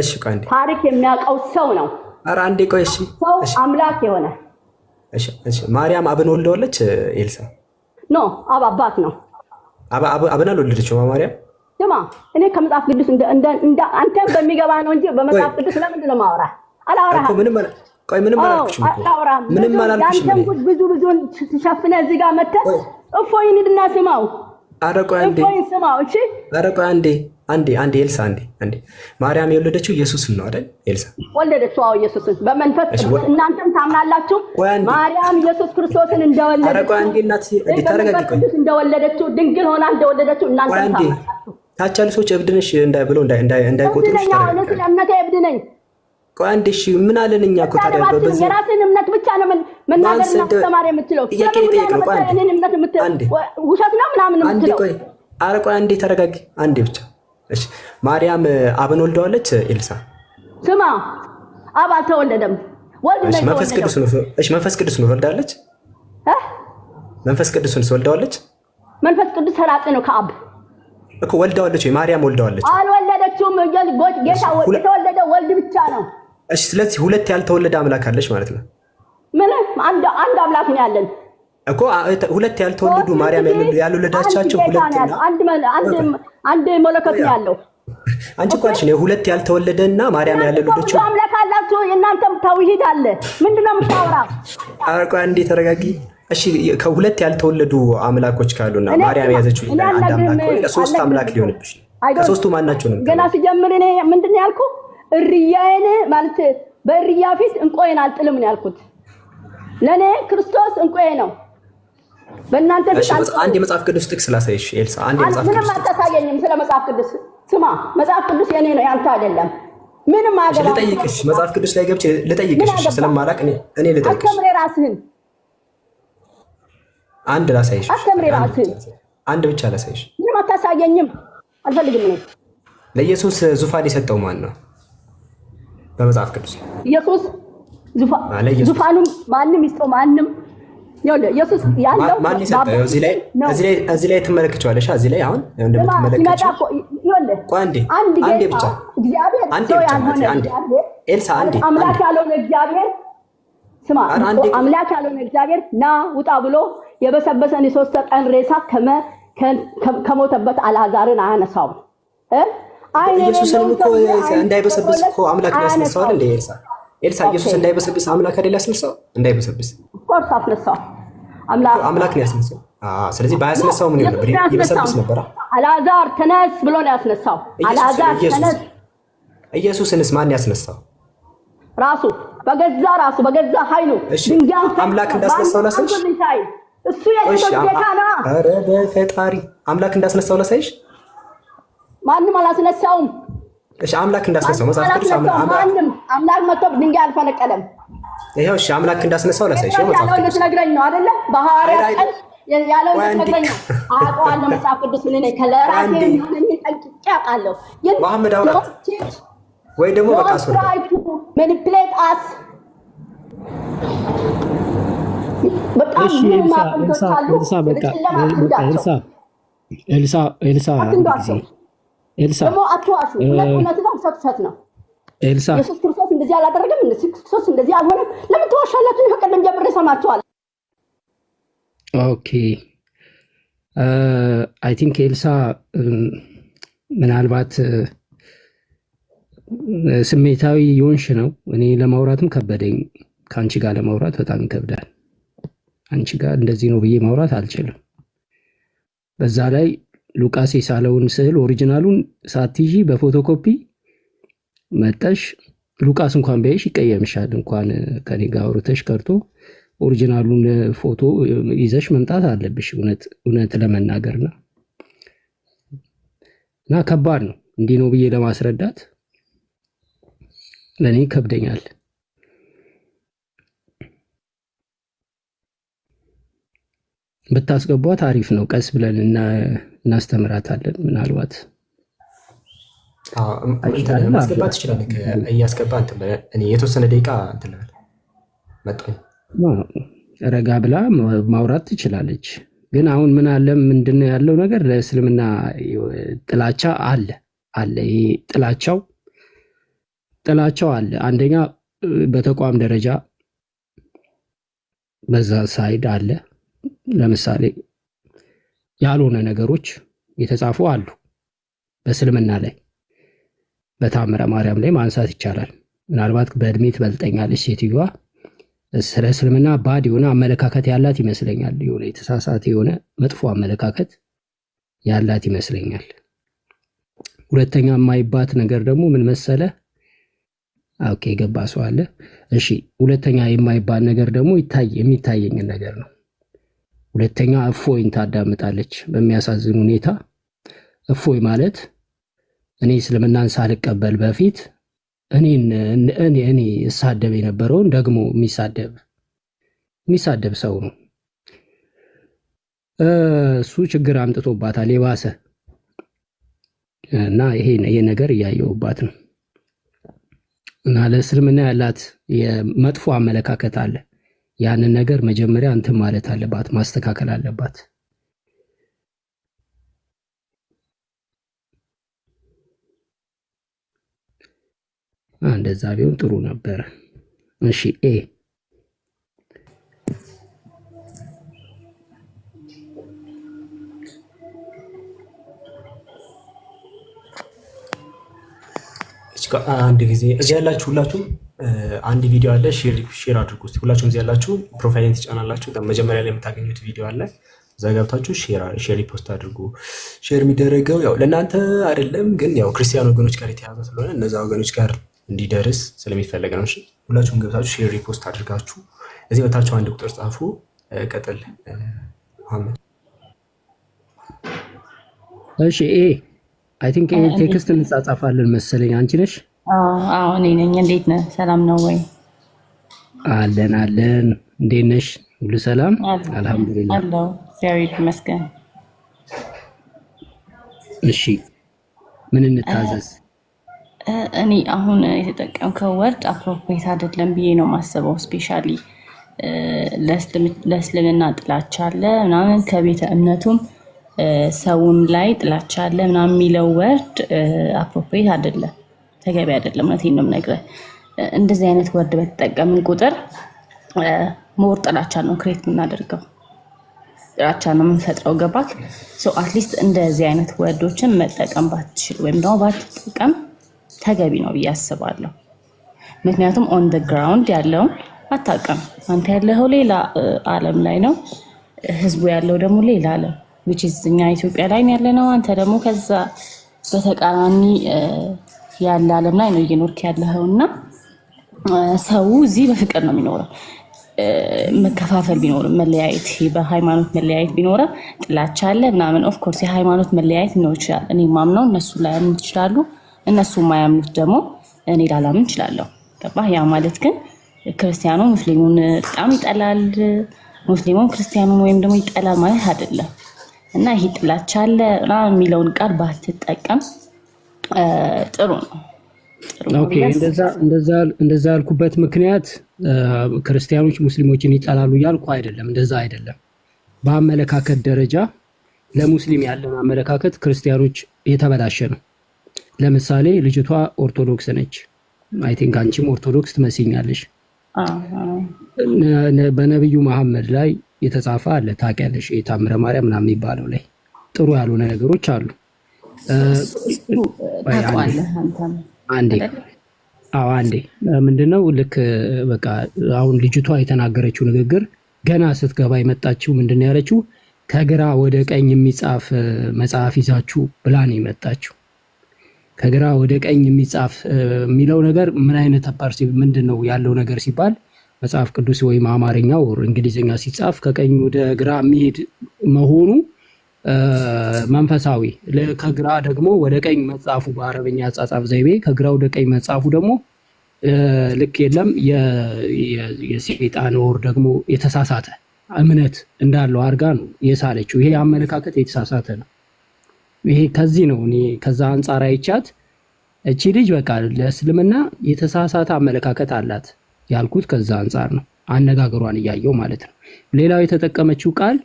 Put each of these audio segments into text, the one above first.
እሺ ቆይ አንዴ ታሪክ የሚያውቀው ሰው ነው። ኧረ አንዴ ቆይ እሺ። ሰው አምላክ የሆነ እሺ፣ እሺ። ማርያም አብን ወልደዋለች ኤልሳ? ኖ አብ አባት ነው። አባ አብ አብን አልወለደችው ማርያም። ደማ እኔ ከመጽሐፍ ቅዱስ እንደ እንደ እንደ አንተ በሚገባ ነው እንጂ በመጽሐፍ ቅዱስ ለምንድን ነው የማወራህ? አላወራህም እኮ ምንም ቆይ ምንም አላልኩሽም እኮ ምንም አላልኩሽም። ያንተን ጉድ ብዙ ብዙ ሸፍነህ እዚህ ጋር መተህ እፎይን ሂድና ስማው። ኧረ ቆይ አንዴ፣ እፎይን ስማው። እሺ ኧረ ቆይ አንዴ አንዴ አንዴ ኤልሳ አንዴ አንዴ ማርያም የወለደችው ኢየሱስን ነው አይደል? ኤልሳ ወለደችው። አዎ ኢየሱስን በመንፈስ ቅዱስ። እናንተም ታምናላችሁ ማርያም ኢየሱስ ክርስቶስን እንደወለደችው፣ አንዴ እናት እንደወለደችው ድንግል ሆና እንደወለደችው እናንተም ታምናላችሁ። ታች ያሉ ሰዎች እብድ ነሽ እንዳይብሎ እንዳይቆጥሩሽ ታረጋለች። እምነቴ እብድ ነኝ። ቆይ አንዴ እሺ፣ ምን አለን እኛ እኮ ታዲያ በዚህ የራስን እምነት ብቻ ነው መናገርና ማስተማር የምትለው ጥያቄ ጠይቅ ነው። ቆይ አንዴ ውሸት ነው ምናምን የምትለው። አረ ቆይ አንዴ ተረጋጊ፣ አንዴ ብቻ ማርያም አብን ወልደዋለች። ኤልሳ ስማ፣ አብ አልተወለደም፣ ወልድ መንፈስ ነው ወልዳለች። መንፈስ ቅዱስን ወልዳዋለች። መንፈስ ቅዱስ ተላጤ ነው ከአብ እኮ ወልዳዋለች ወይ ማርያም ወልደዋለች አልወለደችውም። ጌታ የተወለደ ወልድ ብቻ ነው። እሺ፣ ስለዚህ ሁለት ያልተወለደ አምላክ አለች ማለት ነው። ምን አንድ አምላክ ነው ያለን እኮ ሁለት ያልተወለዱ ማርያም ያልወለዳቻቸው አንድ መለከት ነው ያለው። አንቺ እኮ አልሽ ሁለት ያልተወለደ እና ማርያም ያልወለደችው አምላክ አላችሁ። እናንተም ተውሂድ አለ። ምንድን ነው የምታወራው? ቆይ አንዴ ተረጋጊ። እሺ ከሁለት ያልተወለዱ አምላኮች ካሉና ማርያም የያዘችው አንድ አምላክ ወይ አምላክ ሊሆንብሽ ከሶስቱ ማናቸው ነው? ገና ሲጀምር እኔ ምንድን ነው ያልኩ? እርያዬን ማለት በእርያ ፊት እንቆይን አልጥልም ነው ያልኩት። ለእኔ ክርስቶስ እንቆይ ነው በእናንተ አንድ የመጽሐፍ ቅዱስ ጥቅስ ላሳይሽ ኤልሳ። አንድ የመጽሐፍ ቅዱስ ምንም አታሳየኝም። ስለ መጽሐፍ ቅዱስ ስማ፣ መጽሐፍ ቅዱስ የኔ ነው ያንተ አይደለም። ምንም አገራ ልጠይቅሽ፣ መጽሐፍ ቅዱስ ላይ ገብቼ ልጠይቅሽ ስለማላቅ እኔ ልጠይቅሽ። አስተምሬ ራስህን አንድ ላሳይሽ፣ አስተምሬ ራስህን አንድ ብቻ ላሳይሽ። ምንም አታሳየኝም፣ አልፈልግም። ነው ለኢየሱስ ዙፋን የሰጠው ማን ነው? በመጽሐፍ ቅዱስ ኢየሱስ ዙፋኑ ማንም ይስጠው ማንም እዚህ ላይ ትመለከቸዋለሽ። እዚህ ላይ አሁን አምላክ ያልሆነ እግዚአብሔር ስማ፣ አምላክ እግዚአብሔር ና ውጣ ብሎ የበሰበሰን የሶስት ቀን ሬሳ ከሞተበት አልዓዛርን አያነሳውም። ኢየሱስንም እኮ እንዳይበሰብስ እኮ አምላክ ያስነሳዋል። እንደ ኤልሳ ኤልሳ ኢየሱስ እንዳይበሰብስ አምላክ አይደል ያስነሳው? እንዳይበሰብስ ኦርስ አስነሳው። አምላክ ነው ያስነሳው። ስለዚህ ባያስነሳው ምን ይሆን ነበር? ይበሰብስ ነበር። አላዛር ተነስ ብሎ ነው ያስነሳው። አላዛር ተነስ። ኢየሱስንስ ማን ያስነሳው? ራሱ በገዛ ራሱ በገዛ ኃይሉ ድንጋይ አምላክ እንዳስነሳው ላሳይሽ። እሱ የጥበብ ጌታ ነው። ኧረ በፈጣሪ አምላክ እንዳስነሳው ላሳይሽ። ማንም አላስነሳውም። እሺ አምላክ እንዳስነሳው መጽሐፍ ቅዱስ አምላክ መጥቶ ድንጋይ አልፈነቀለም። ይሄው እሺ፣ አምላክ እንዳስነሳው ላሳይሽ ነው። መጽሐፍ ቅዱስ ነግረኝ ነው አይደለ? ባህሪያ ቀን ያለው ነግረኝ አውቀዋለሁ መጽሐፍ ቅዱስ ምን ነው ከለራሴ ምን ጠንቅቄ አውቃለሁ። ግን መሐመድ አውራ ወይ ደግሞ በቃ ሱራ ሜኒፕሌት አስ ኤልሳ ኤልሳ ኤልሳ ኤልሳ ነው፣ ኤልሳ እንደዚህ አላደረገም፣ ክርስቶስ እንደዚህ አልሆነም። ለምን ትዋሻላችሁ? ፈቀደም ጀምሬ ሰማችኋል። ኦኬ አይ ቲንክ ኤልሳ ምናልባት ስሜታዊ ዮንሽ ነው። እኔ ለማውራትም ከበደኝ። ከአንቺ ጋር ለማውራት በጣም ይከብዳል። አንቺ ጋር እንደዚህ ነው ብዬ ማውራት አልችልም። በዛ ላይ ሉቃስ የሳለውን ስዕል ኦሪጂናሉን ሳትይዢ በፎቶኮፒ መጠሽ ሉቃስ እንኳን ቢያይሽ ይቀየምሻል። እንኳን ከኔ ጋር አውርተሽ ቀርቶ ኦሪጂናሉን ፎቶ ይዘሽ መምጣት አለብሽ። እውነት ለመናገርና እና ከባድ ነው እንዲህ ነው ብዬ ለማስረዳት ለእኔ ይከብደኛል። ብታስገቧት አሪፍ ነው። ቀስ ብለን እናስተምራታለን ምናልባት ማስገባት ትችላለህ። እያስገባ የተወሰነ ደቂቃ ረጋ ብላ ማውራት ትችላለች። ግን አሁን ምን አለ ምንድነው ያለው ነገር ለእስልምና ጥላቻ አለ አለ ይሄ ጥላቻው ጥላቻው አለ። አንደኛ በተቋም ደረጃ በዛ ሳይድ አለ። ለምሳሌ ያልሆነ ነገሮች የተጻፉ አሉ በእስልምና ላይ በታምረ ማርያም ላይ ማንሳት ይቻላል። ምናልባት በእድሜ ትበልጠኛለች ሴትዮዋ ስለ እስልምና ባድ የሆነ አመለካከት ያላት ይመስለኛል። የሆነ የተሳሳተ የሆነ መጥፎ አመለካከት ያላት ይመስለኛል። ሁለተኛ የማይባት ነገር ደግሞ ምን መሰለ? ኦኬ ገባ ሰው አለ። እሺ ሁለተኛ የማይባት ነገር ደግሞ የሚታየኝን ነገር ነው። ሁለተኛ እፎይን ታዳምጣለች በሚያሳዝን ሁኔታ። እፎይ ማለት እኔ እስልምናን ሳልቀበል በፊት እኔን እኔ እኔ እሳደብ የነበረውን ደግሞ የሚሳደብ የሚሳደብ ሰው ነው። እሱ ችግር አምጥቶባታል የባሰ እና ይሄ ነገር እያየውባት ነው። እና ለእስልምና ያላት የመጥፎ አመለካከት አለ። ያንን ነገር መጀመሪያ እንትን ማለት አለባት፣ ማስተካከል አለባት። እንደዛ ቢሆን ጥሩ ነበር። እሺ ኤ አንድ ጊዜ እዚህ ያላችሁ ሁላችሁም አንድ ቪዲዮ አለ፣ ሼር አድርጉ እስኪ ሁላችሁም እዚህ ያላችሁ ፕሮፋይልን ትጫናላችሁ። መጀመሪያ ላይ የምታገኙት ቪዲዮ አለ፣ እዛ ገብታችሁ ሼር ሪፖስት አድርጉ። ሼር የሚደረገው ያው ለእናንተ አይደለም፣ ግን ያው ክርስቲያን ወገኖች ጋር የተያዘ ስለሆነ እነዛ ወገኖች ጋር እንዲደርስ ስለሚፈለግ ነው። ሁላችሁም ገብታችሁ ሼር ሪፖስት አድርጋችሁ እዚህ በታችሁ አንድ ቁጥር ጻፉ። ቀጥል መሐመድ። እሺ ኤ አይ ቲንክ ኤ ቴክስት እንጻጻፋለን መሰለኝ። አንቺ ነሽ? አዎ እኔ ነኝ። እንዴት ነህ? ሰላም ነው ወይ? አለን አለን። እንዴት ነሽ? ሁሉ ሰላም? አልሐምዱሊላህ አለው እግዚአብሔር ይመስገን። እሺ ምን እንታዘዝ? እኔ አሁን የተጠቀምከው ወርድ አፕሮፕሬት አይደለም ብዬ ነው የማስበው። ስፔሻሊ ለእስልምና ጥላቻ አለ ምናምን ከቤተ እምነቱም ሰውም ላይ ጥላቻ አለ ምናምን የሚለው ወርድ አፕሮፕሬት አይደለም፣ ተገቢ አይደለም። እውነቴን ነው የምነግርህ። እንደዚህ አይነት ወርድ በተጠቀምን ቁጥር ሞር ጥላቻ ነው ክሬት የምናደርገው ጥላቻ ነው የምንፈጥረው። ገባት? አትሊስት እንደዚህ አይነት ወርዶችን መጠቀም ባትችል ወይም ደግሞ ባትጠቀም ተገቢ ነው ብዬ አስባለሁ። ምክንያቱም ኦን ደ ግራውንድ ያለውን አታውቅም። አንተ ያለኸው ሌላ ዓለም ላይ ነው፣ ህዝቡ ያለው ደግሞ ሌላ ዓለም ዊች ኢዝ እኛ ኢትዮጵያ ላይ ያለ ነው። አንተ ደግሞ ከዛ በተቃራኒ ያለ ዓለም ላይ ነው እየኖርክ ያለኸው እና ሰው እዚህ በፍቅር ነው የሚኖረው። መከፋፈል ቢኖርም መለያየት፣ በሃይማኖት መለያየት ቢኖረ ጥላቻ አለ ምናምን። ኦፍኮርስ የሃይማኖት መለያየት ነው ይችላል። እኔ ማምነው እነሱ ላይ ያምኑ ትችላሉ እነሱ የማያምኑት ደግሞ እኔ ላላምን እችላለሁ። ገባህ? ያ ማለት ግን ክርስቲያኑ ሙስሊሙን በጣም ይጠላል፣ ሙስሊሙን ክርስቲያኑን ወይም ደግሞ ይጠላል ማለት አይደለም። እና ይሄ ጥላቻ አለ የሚለውን ቃል ባትጠቀም ጥሩ ነው። እንደዛ ያልኩበት ምክንያት ክርስቲያኖች ሙስሊሞችን ይጠላሉ ያልኩ አይደለም፣ እንደዛ አይደለም። በአመለካከት ደረጃ ለሙስሊም ያለን አመለካከት ክርስቲያኖች የተበላሸ ነው። ለምሳሌ ልጅቷ ኦርቶዶክስ ነች። አይ ቲንክ አንቺም ኦርቶዶክስ ትመስኛለሽ። በነቢዩ መሐመድ ላይ የተጻፈ አለ ታውቂያለሽ፣ የታምረ ማርያም ምናምን የሚባለው ላይ ጥሩ ያልሆነ ነገሮች አሉ። አንዴ አዎ፣ አንዴ ምንድነው ልክ በቃ አሁን ልጅቷ የተናገረችው ንግግር ገና ስትገባ የመጣችው ምንድን ነው ያለችው? ከግራ ወደ ቀኝ የሚጻፍ መጽሐፍ ይዛችሁ ብላ ነው የመጣችው። ከግራ ወደ ቀኝ የሚጻፍ የሚለው ነገር ምን አይነት አፓርሲ ምንድን ነው ያለው ነገር ሲባል መጽሐፍ ቅዱስ ወይም አማርኛው እንግሊዝኛ ሲጻፍ ከቀኝ ወደ ግራ የሚሄድ መሆኑ መንፈሳዊ፣ ከግራ ደግሞ ወደ ቀኝ መጻፉ በአረበኛ አጻጻፍ ዘይቤ ከግራ ወደ ቀኝ መጻፉ ደግሞ ልክ የለም የሴጣን ወር ደግሞ የተሳሳተ እምነት እንዳለው አድርጋ ነው የሳለችው። ይሄ አመለካከት የተሳሳተ ነው። ይሄ ከዚህ ነው። እኔ ከዛ አንጻር አይቻት እቺ ልጅ በቃ ለእስልምና የተሳሳተ አመለካከት አላት ያልኩት ከዛ አንጻር ነው። አነጋገሯን እያየው ማለት ነው። ሌላው የተጠቀመችው ቃል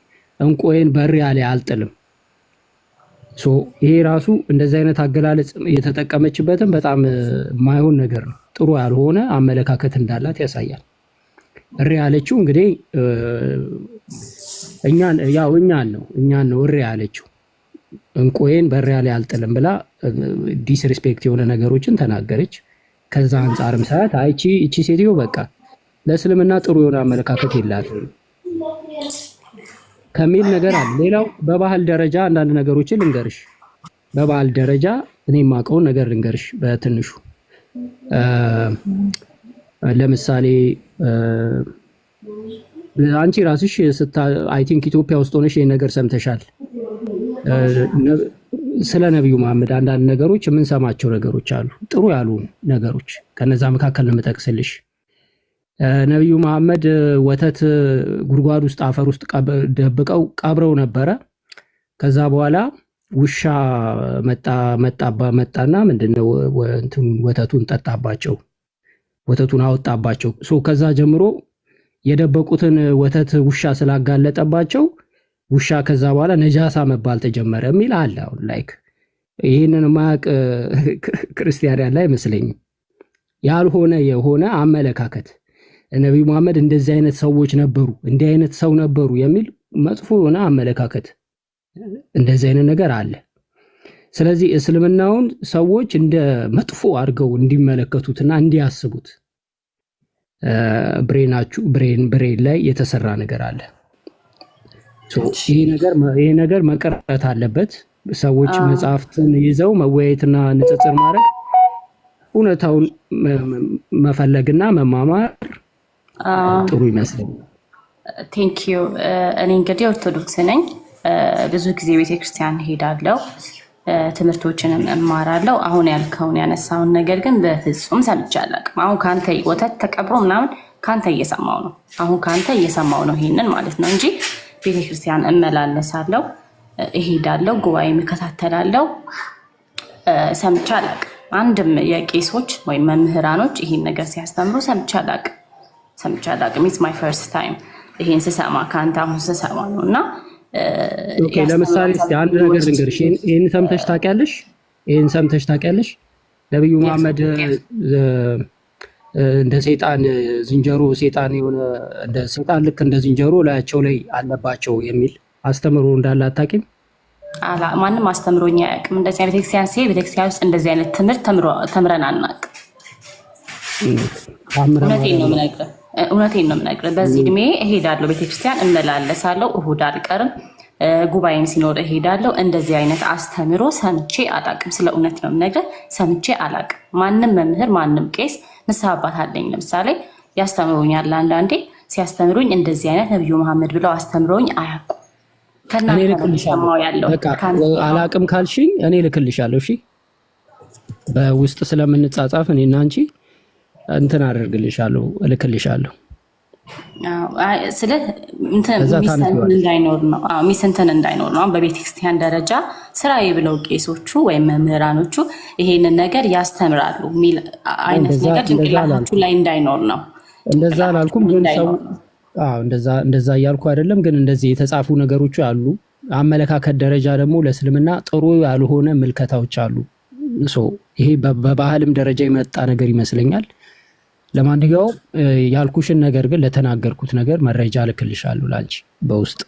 እንቆይን በር ያለ አልጥልም። ይሄ ራሱ እንደዚህ አይነት አገላለጽ የተጠቀመችበትም በጣም ማይሆን ነገር ነው። ጥሩ ያልሆነ አመለካከት እንዳላት ያሳያል። እሪ ያለችው እንግዲህ እኛን ያው እኛን ነው እኛን ነው እሪ ያለችው እንቆዬን በሪያ ላይ አልጥልም ብላ ዲስሪስፔክት የሆነ ነገሮችን ተናገረች። ከዛ አንጻርም ሰዓት አይቺ እቺ ሴትዮ በቃ ለእስልምና ጥሩ የሆነ አመለካከት የላትም ከሚል ነገር አለ። ሌላው በባህል ደረጃ አንዳንድ ነገሮችን ልንገርሽ። በባህል ደረጃ እኔ የማውቀውን ነገር ልንገርሽ በትንሹ ለምሳሌ አንቺ ራስሽ አይ ቲንክ ኢትዮጵያ ውስጥ ሆነሽ ይህን ነገር ሰምተሻል። ስለ ነቢዩ መሐመድ አንዳንድ ነገሮች የምንሰማቸው ነገሮች አሉ፣ ጥሩ ያሉ ነገሮች። ከነዛ መካከል ነው የምጠቅስልሽ። ነቢዩ መሐመድ ወተት ጉድጓድ ውስጥ አፈር ውስጥ ደብቀው ቀብረው ነበረ። ከዛ በኋላ ውሻ መጣ መጣባ መጣና ምንድነው ወተቱን ጠጣባቸው፣ ወተቱን አወጣባቸው። ከዛ ጀምሮ የደበቁትን ወተት ውሻ ስላጋለጠባቸው ውሻ ከዛ በኋላ ነጃሳ መባል ተጀመረ የሚል አለ። አሁን ላይክ ይህንን ማቅ ክርስቲያን ያለ አይመስለኝም። ያልሆነ የሆነ አመለካከት ነቢዩ መሐመድ እንደዚህ አይነት ሰዎች ነበሩ፣ እንዲህ አይነት ሰው ነበሩ የሚል መጥፎ የሆነ አመለካከት እንደዚህ አይነት ነገር አለ። ስለዚህ እስልምናውን ሰዎች እንደ መጥፎ አድርገው እንዲመለከቱትና እንዲያስቡት ብሬናችሁ ብሬን ብሬን ላይ የተሰራ ነገር አለ። ይሄ ነገር መቀረት አለበት። ሰዎች መጽሐፍትን ይዘው መወያየትና ንጽጽር ማድረግ እውነታውን መፈለግና መማማር ጥሩ ይመስለኛል። ቴንክ ዩ። እኔ እንግዲህ ኦርቶዶክስ ነኝ። ብዙ ጊዜ ቤተክርስቲያን ሄዳለው ትምህርቶችንም እማራለሁ። አሁን ያልከውን ያነሳውን ነገር ግን በፍጹም ሰምቼ አላውቅም። አሁን ከአንተ ወተት ተቀብሮ ምናምን ከአንተ እየሰማው ነው። አሁን ከአንተ እየሰማው ነው ይሄንን ማለት ነው እንጂ ቤተክርስቲያን እመላለሳለሁ፣ እሄዳለሁ፣ ጉባኤም እከታተላለሁ። ሰምቼ አላቅም። አንድም የቄሶች ወይም መምህራኖች ይህን ነገር ሲያስተምሩ ሰምቼ አላቅም፣ ሰምቼ አላቅም። ኢትስ ማይ ፈርስት ታይም ይህን ስሰማ ከአንተ አሁን ስሰማ ነው። እና ለምሳሌ አንድ ነገር ልንገርሽ። ይህን ሰምተሽ ታውቂያለሽ? ይህን ሰምተሽ ታውቂያለሽ? ነቢዩ መሐመድ እንደ ሴጣን ዝንጀሮ ሴጣን የሆነ እንደ ሴጣን ልክ እንደ ዝንጀሮ ላያቸው ላይ አለባቸው የሚል አስተምሮ እንዳለ አታውቂም? ማንም አስተምሮኝ አያውቅም። እንደዚህ አይነት ቤተክርስቲያን ሲሄድ ቤተክርስቲያን ውስጥ እንደዚህ አይነት ትምህርት ተምረን አናውቅም። እውነቴን ነው የምነግርህ፣ እውነቴን ነው የምነግርህ። በዚህ እድሜ እሄዳለሁ ቤተክርስቲያን እመላለሳለሁ፣ እሁድ አልቀርም። ጉባኤም ሲኖር እሄዳለሁ። እንደዚህ አይነት አስተምሮ ሰምቼ አላቅም። ስለ እውነት ነው የምነግርህ፣ ሰምቼ አላቅም። ማንም መምህር፣ ማንም ቄስ፣ ንስሐ አባት አለኝ ለምሳሌ ያስተምሩኛል። አንዳንዴ ሲያስተምሩኝ እንደዚህ አይነት ነብዩ መሐመድ ብለው አስተምረውኝ አያውቁም። አላቅም ካልሽኝ እኔ ልክልሻለሁ። እሺ በውስጥ ስለምንጻጻፍ እኔና አንቺ እንትን አደርግልሻለሁ፣ እልክልሻለሁ ስለ እንዳይኖር ነው እንዳይኖር ነው። በቤተክርስቲያን ደረጃ ስራዬ ብለው ቄሶቹ ወይም መምህራኖቹ ይሄንን ነገር ያስተምራሉ የሚል አይነት ነገር ጭንቅላታችሁ ላይ እንዳይኖር ነው። እንደዛ አላልኩም፣ ግን እንደዛ እያልኩ አይደለም። ግን እንደዚህ የተጻፉ ነገሮች አሉ። አመለካከት ደረጃ ደግሞ ለእስልምና ጥሩ ያልሆነ ምልከታዎች አሉ። ይሄ በባህልም ደረጃ የመጣ ነገር ይመስለኛል። ለማንኛውም ያልኩሽን ነገር ግን ለተናገርኩት ነገር መረጃ ልክልሻለሁ ላንቺ በውስጥ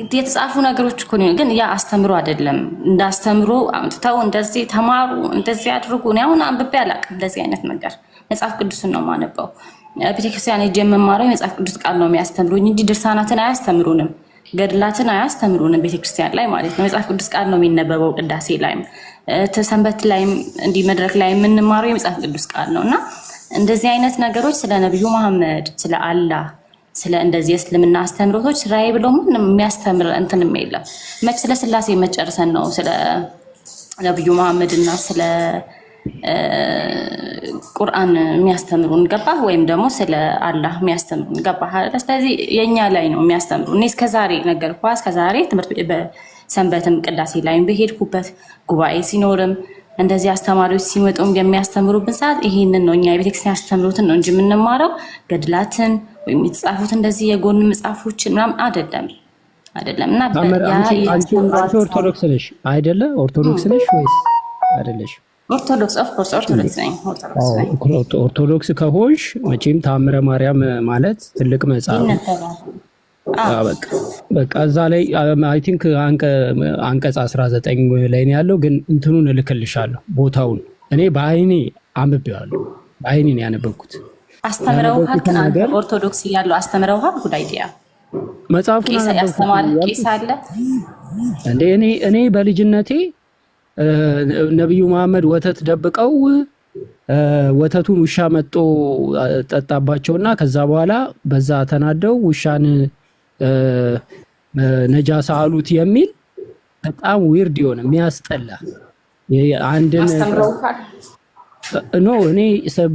የተጻፉ ነገሮች እኮ ግን ያ አስተምሮ አይደለም። እንዳስተምሮ አምጥተው እንደዚህ ተማሩ፣ እንደዚህ አድርጉ። እኔ አሁን አንብቤ አላውቅም እንደዚህ አይነት ነገር። መጽሐፍ ቅዱስን ነው የማነበው። ቤተክርስቲያን ሄጄ የምማረው መጽሐፍ ቅዱስ ቃል ነው የሚያስተምሩኝ እንጂ ድርሳናትን አያስተምሩንም፣ ገድላትን አያስተምሩንም። ቤተክርስቲያን ላይ ማለት ነው መጽሐፍ ቅዱስ ቃል ነው የሚነበበው። ቅዳሴ ላይም ተሰንበት ላይ እንዲህ መድረክ ላይ የምንማረው የመጽሐፍ ቅዱስ ቃል ነው እና እንደዚህ አይነት ነገሮች ስለ ነቢዩ መሐመድ ስለ አላህ ስለ እንደዚህ እስልምና አስተምሮቶች ራይ ብሎ ምን የሚያስተምር እንትንም የለም። መች ስለ ስላሴ መጨርሰን ነው ስለ ነቢዩ መሐመድ እና ስለ ቁርአን የሚያስተምሩን ገባህ? ወይም ደግሞ ስለ አላህ የሚያስተምሩን ገባህ? ስለዚህ የእኛ ላይ ነው የሚያስተምሩ። እኔ እስከዛሬ ነገር ኳ እስከዛሬ ትምህርት ሰንበትም ቅዳሴ ላይም በሄድኩበት ጉባኤ ሲኖርም እንደዚህ አስተማሪዎች ሲመጡም የሚያስተምሩብን ሰዓት ይህንን ነው። እኛ የቤተክርስቲያን ያስተምሩትን ነው እንጂ የምንማረው ገድላትን ወይም የተጻፉት እንደዚህ የጎን መጽሐፎችን ምናምን አይደለም አይደለም። እና ኦርቶዶክስ ነሽ አይደለ? ኦርቶዶክስ ነሽ ወይስ አይደለሽ? ኦርቶዶክስ ከሆንሽ መቼም ታምረ ማርያም ማለት ትልቅ መጽሐፍ በቃ እዛ ላይ አይ ቲንክ አንቀጽ 19 ላይ ነው ያለው። ግን እንትኑን እልክልሻለሁ ቦታውን እኔ በአይኔ አንብቤዋለሁ። በአይኔ ነው ያነበብኩት። አስተምረውሃል? ኦርቶዶክስ እያለሁ አስተምረውሃል? ጉድ አይዲያ መጽሐፉን ያስተማል ቄስ እኔ እኔ በልጅነቴ ነቢዩ መሐመድ ወተት ደብቀው ወተቱን ውሻ መጦ ጠጣባቸውና ከዛ በኋላ በዛ ተናደው ውሻን ነጃሳ አሉት የሚል በጣም ዊርድ የሆነ የሚያስጠላ አንድን ኖ እኔ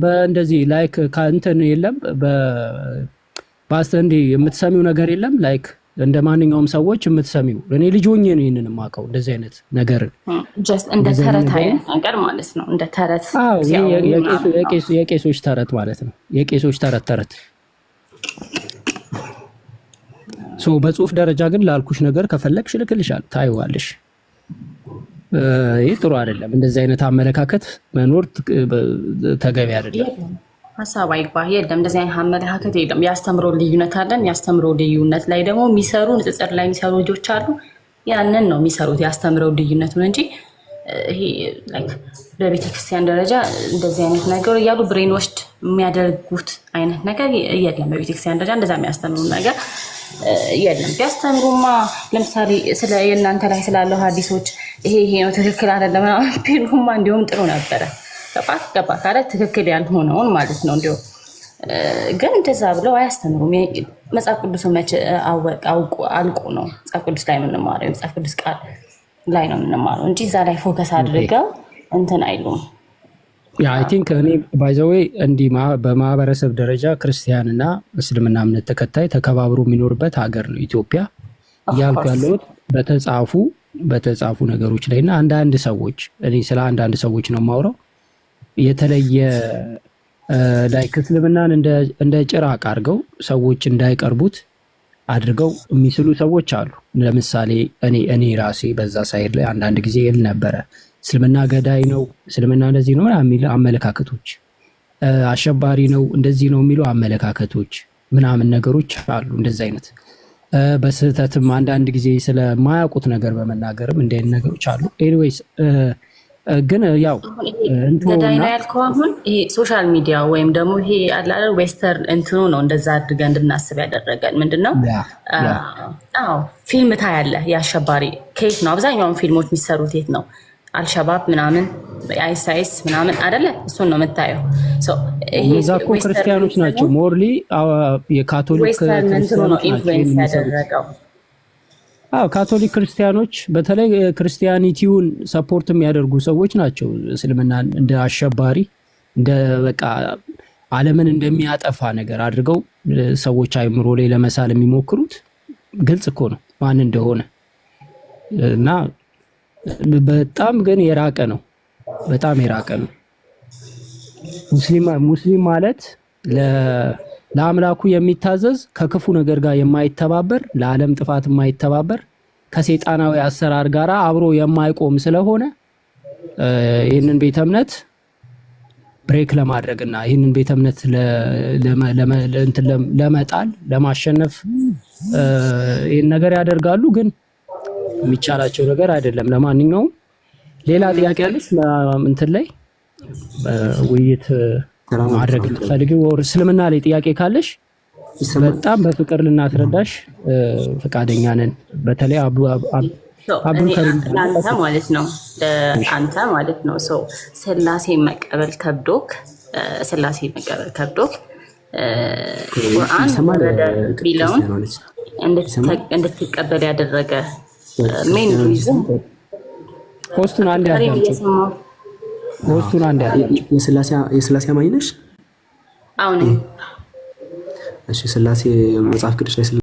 በእንደዚህ ላይክ ከእንትን የለም በአስተንዴ የምትሰሚው ነገር የለም ላይክ እንደ ማንኛውም ሰዎች የምትሰሚው እኔ ልጅ ሆኜ ነው ይህንን የማውቀው። እንደዚህ አይነት ነገርን እንደ ተረት ማለት ነው። እንደ ተረት የቄሶች ተረት ማለት ነው። የቄሶች ተረት ተረት በጽሁፍ ደረጃ ግን ላልኩሽ ነገር ከፈለግሽ ልክልሻል፣ ታይዋለሽ። ይህ ጥሩ አይደለም። እንደዚህ አይነት አመለካከት መኖር ተገቢ አይደለም። ሀሳብ አይግባ የለም። እንደዚህ አይነት አመለካከት የለም። የአስተምሮ ልዩነት አለን። የአስተምሮ ልዩነት ላይ ደግሞ የሚሰሩ ንጽጽር ላይ የሚሰሩ ልጆች አሉ። ያንን ነው የሚሰሩት፣ የአስተምረው ልዩነቱን እንጂ ይሄ በቤተክርስቲያን ደረጃ እንደዚህ አይነት ነገር እያሉ ብሬን ወስድ የሚያደርጉት አይነት ነገር የለም። በቤተክርስቲያን ደረጃ እንደዛ የሚያስተምሩ ነገር የለም ቢያስተምሩማ ለምሳሌ የእናንተ ላይ ስላለው ሀዲሶች ይሄ ይሄ ነው ትክክል አይደለም ቢሉማ እንዲሁም ጥሩ ነበረ። ገባክ ገባክ አለ ትክክል ያልሆነውን ማለት ነው። እንዲሁም ግን እንደዛ ብለው አያስተምሩም። መጽሐፍ ቅዱስ መች አውቁ አልቁ ነው። መጽሐፍ ቅዱስ ላይ የምንማረው የመጽሐፍ ቅዱስ ቃል ላይ ነው የምንማረው እንጂ እዛ ላይ ፎከስ አድርገው እንትን አይሉም። አይ ቲንክ እኔ ባይዘዌ እንዲህ በማህበረሰብ ደረጃ ክርስቲያንና እስልምና እምነት ተከታይ ተከባብሮ የሚኖርበት ሀገር ነው ኢትዮጵያ እያልኩ ያለሁት በተጻፉ በተጻፉ ነገሮች ላይ እና አንዳንድ ሰዎች እኔ ስለ አንዳንድ ሰዎች ነው የማውራው የተለየ ላይክ እስልምናን እንደ ጭራቅ አድርገው ሰዎች እንዳይቀርቡት አድርገው የሚስሉ ሰዎች አሉ። ለምሳሌ እኔ እኔ ራሴ በዛ ሳይድ ላይ አንዳንድ ጊዜ ይል ነበረ እስልምና ገዳይ ነው፣ እስልምና እንደዚህ ነው የሚሉ አመለካከቶች፣ አሸባሪ ነው እንደዚህ ነው የሚሉ አመለካከቶች ምናምን ነገሮች አሉ። እንደዚህ አይነት በስህተትም አንዳንድ ጊዜ ስለማያውቁት ነገር በመናገርም እንዲህ አይነት ነገሮች አሉ። ኤኒዌይስ ግን ያው ገዳይና ያልከው አሁን ይሄ ሶሻል ሚዲያ ወይም ደግሞ ይሄ አላለ ዌስተርን እንትኑ ነው እንደዛ አድገ እንድናስብ ያደረገን ምንድን ነው? አዎ ፊልም ታያለህ፣ የአሸባሪ ከየት ነው አብዛኛውን ፊልሞች የሚሰሩት የት ነው? አልሸባብ ምናምን አይሳይስ ምናምን አደለ እሱን ነው የምታየው። እነዛ እኮ ክርስቲያኖች ናቸው። ሞርሊ የካቶሊክ ካቶሊክ ክርስቲያኖች በተለይ ክርስቲያኒቲውን ሰፖርት የሚያደርጉ ሰዎች ናቸው። እስልምና እንደ አሸባሪ እንደ በቃ ዓለምን እንደሚያጠፋ ነገር አድርገው ሰዎች አይምሮ ላይ ለመሳል የሚሞክሩት ግልጽ እኮ ነው ማን እንደሆነ እና በጣም ግን የራቀ ነው። በጣም የራቀ ነው። ሙስሊም ማለት ለአምላኩ የሚታዘዝ ከክፉ ነገር ጋር የማይተባበር ለዓለም ጥፋት የማይተባበር ከሴጣናዊ አሰራር ጋር አብሮ የማይቆም ስለሆነ ይህንን ቤተ እምነት ብሬክ ለማድረግ እና ይህንን ቤተ እምነት ለመጣል ለማሸነፍ ይህን ነገር ያደርጋሉ ግን የሚቻላቸው ነገር አይደለም። ለማንኛውም ሌላ ጥያቄ ያለች እንትን ላይ ውይይት ማድረግ ልትፈልጊ ወር እስልምና ላይ ጥያቄ ካለሽ በጣም በፍቅር ልናስረዳሽ ፈቃደኛ ነን። በተለይ አብዱልከሪም ለአንተ ማለት ነው አንተ ማለት ነው ሰው ስላሴ መቀበል ከብዶክ ስላሴ መቀበል ከብዶክ ቁርአን ወረደ ቢለውን እንድትቀበል ያደረገ ሜን ሪዝን ሆስቱን አንድ ሆስቱን አንድ የስላሴ አማኝ ነሽ? እሺ ስላሴ መጽሐፍ ቅዱስ ላይ